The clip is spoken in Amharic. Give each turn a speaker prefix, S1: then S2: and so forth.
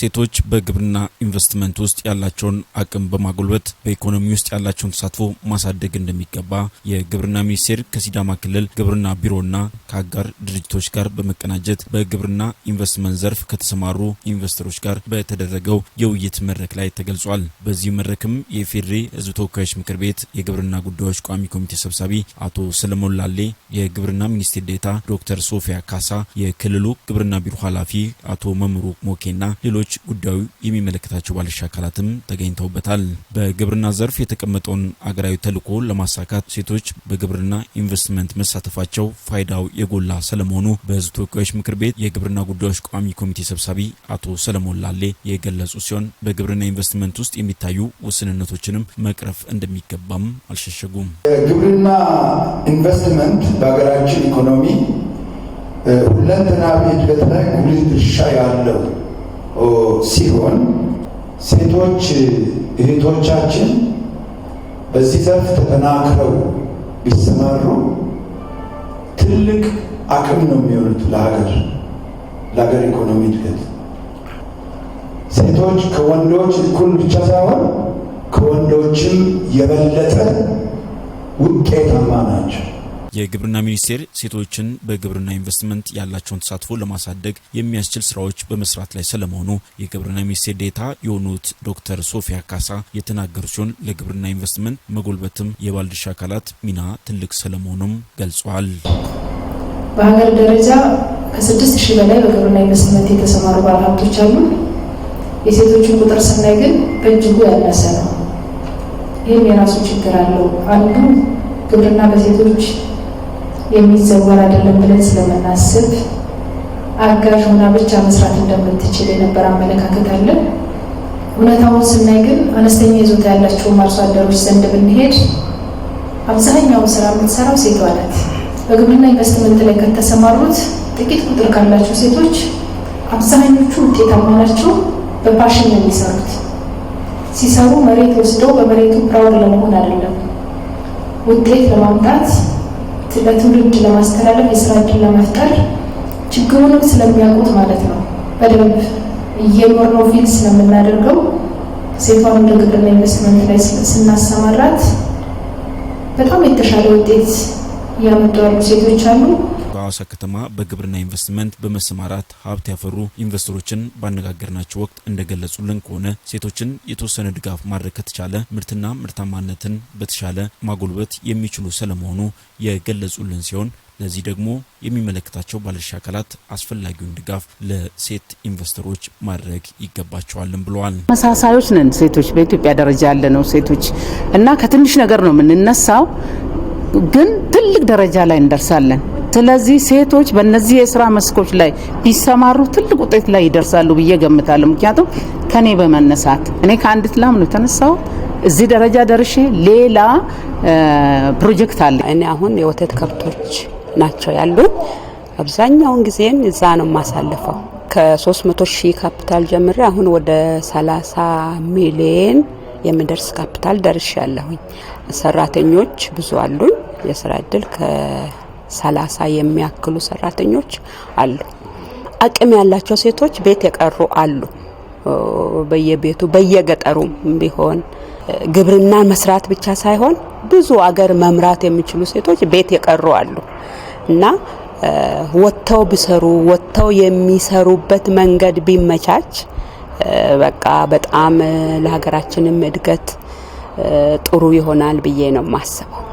S1: ሴቶች በግብርና ኢንቨስትመንት ውስጥ ያላቸውን አቅም በማጎልበት በኢኮኖሚ ውስጥ ያላቸውን ተሳትፎ ማሳደግ እንደሚገባ የግብርና ሚኒስቴር ከሲዳማ ክልል ግብርና ቢሮና ከአጋር ድርጅቶች ጋር በመቀናጀት በግብርና ኢንቨስትመንት ዘርፍ ከተሰማሩ ኢንቨስተሮች ጋር በተደረገው የውይይት መድረክ ላይ ተገልጿል። በዚህ መድረክም የኢፌዴሪ ሕዝብ ተወካዮች ምክር ቤት የግብርና ጉዳዮች ቋሚ ኮሚቴ ሰብሳቢ አቶ ሰለሞን ላሌ፣ የግብርና ሚኒስቴር ዴታ ዶክተር ሶፊያ ካሳ፣ የክልሉ ግብርና ቢሮ ኃላፊ አቶ መምሩ ሞኬና ሌሎች ሌሎች ጉዳዩ የሚመለከታቸው ባለድርሻ አካላትም ተገኝተውበታል። በግብርና ዘርፍ የተቀመጠውን አገራዊ ተልዕኮ ለማሳካት ሴቶች በግብርና ኢንቨስትመንት መሳተፋቸው ፋይዳው የጎላ ስለመሆኑ በሕዝብ ተወካዮች ምክር ቤት የግብርና ጉዳዮች ቋሚ ኮሚቴ ሰብሳቢ አቶ ሰለሞን ላሌ የገለጹ ሲሆን በግብርና ኢንቨስትመንት ውስጥ የሚታዩ ውስንነቶችንም መቅረፍ እንደሚገባም አልሸሸጉም።
S2: የግብርና ኢንቨስትመንት በሀገራችን ኢኮኖሚ ሁለንተናዊ እድገት ላይ ጉልህ ድርሻ ያለው ሲሆን ሴቶች እህቶቻችን በዚህ ዘርፍ ተጠናክረው ቢሰማሩ ትልቅ አቅም ነው የሚሆኑት ለሀገር ለሀገር ኢኮኖሚ እድገት። ሴቶች ከወንዶች እኩል ብቻ ሳይሆን ከወንዶችም የበለጠ ውጤታማ ናቸው።
S1: የግብርና ሚኒስቴር ሴቶችን በግብርና ኢንቨስትመንት ያላቸውን ተሳትፎ ለማሳደግ የሚያስችል ስራዎች በመስራት ላይ ስለመሆኑ የግብርና ሚኒስቴር ዴታ የሆኑት ዶክተር ሶፊያ ካሳ የተናገሩ ሲሆን ለግብርና ኢንቨስትመንት መጎልበትም የባለድርሻ አካላት ሚና ትልቅ ስለመሆኑም ገልጿል።
S3: በሀገር ደረጃ ከስድስት ሺህ በላይ በግብርና ኢንቨስትመንት የተሰማሩ ባለሀብቶች አሉ። የሴቶችን ቁጥር ስናይ ግን በእጅጉ ያነሰ ነው። ይህም የራሱ ችግር አለው። አንዱ ግብርና በሴቶች የሚዘወር አይደለም ብለን ስለምናስብ አጋዥ ሆና ብቻ መስራት እንደምትችል የነበር አመለካከት አለ። እውነታውን ስናይ ግን አነስተኛ ይዞታ ያላቸውም አርሶ አደሮች ዘንድ ብንሄድ አብዛኛውን ስራ የምትሰራው ሴቷ ናት። በግብርና ኢንቨስትመንት ላይ ከተሰማሩት ጥቂት ቁጥር ካላቸው ሴቶች አብዛኞቹ ውጤታማ ናቸው። በፓሽን ነው የሚሰሩት። ሲሰሩ መሬት ወስደው በመሬቱ ፕራውድ ለመሆን አይደለም፣ ውጤት ለማምጣት ለትውልድ ለማስተላለፍ የስራ እድል ለመፍጠር ችግሩንም ስለሚያውቁት ማለት ነው። በደንብ እየኖርነው ፊል ስለምናደርገው ሴቷን እንደ ግብርና ኢንቨስትመንት ላይ ስናሰማራት በጣም የተሻለ ውጤት ያመጡ ሴቶች አሉ።
S1: በሐዋሳ ከተማ በግብርና ኢንቨስትመንት በመሰማራት ሀብት ያፈሩ ኢንቨስተሮችን ባነጋገርናቸው ወቅት እንደገለጹልን ከሆነ ሴቶችን የተወሰነ ድጋፍ ማድረግ ከተቻለ ምርትና ምርታማነትን በተሻለ ማጎልበት የሚችሉ ስለመሆኑ የገለጹልን ሲሆን ለዚህ ደግሞ የሚመለከታቸው ባለድርሻ አካላት አስፈላጊውን ድጋፍ ለሴት ኢንቨስተሮች ማድረግ ይገባቸዋልን ብለዋል።
S4: መሳሳዮች ነን ሴቶች፣ በኢትዮጵያ ደረጃ ያለ ነው ሴቶች እና ከትንሽ ነገር ነው የምንነሳው፣ ግን ትልቅ ደረጃ ላይ እንደርሳለን። ስለዚህ ሴቶች በእነዚህ የስራ መስኮች ላይ ቢሰማሩ ትልቅ ውጤት ላይ ይደርሳሉ ብዬ ገምታለሁ። ምክንያቱም ከኔ በመነሳት እኔ ከአንዲት ላም ነው የተነሳው እዚህ ደረጃ ደርሼ ሌላ ፕሮጀክት አለ።
S5: እኔ አሁን የወተት ከብቶች ናቸው ያሉኝ። አብዛኛውን ጊዜን እዛ ነው የማሳልፈው። ከ300 ሺህ ካፒታል ጀምሬ አሁን ወደ 30 ሚሊየን የሚደርስ ካፒታል ያለሁኝ። ሰራተኞች ብዙ አሉኝ። የስራ እድል ሰላሳ የሚያክሉ ሰራተኞች አሉ። አቅም ያላቸው ሴቶች ቤት የቀሩ አሉ። በየቤቱ በየገጠሩ ቢሆን ግብርና መስራት ብቻ ሳይሆን ብዙ አገር መምራት የሚችሉ ሴቶች ቤት የቀሩ አሉ እና ወጥተው ቢሰሩ ወጥተው የሚሰሩበት መንገድ ቢመቻች በቃ በጣም ለሀገራችንም እድገት ጥሩ ይሆናል ብዬ ነው የማስበው።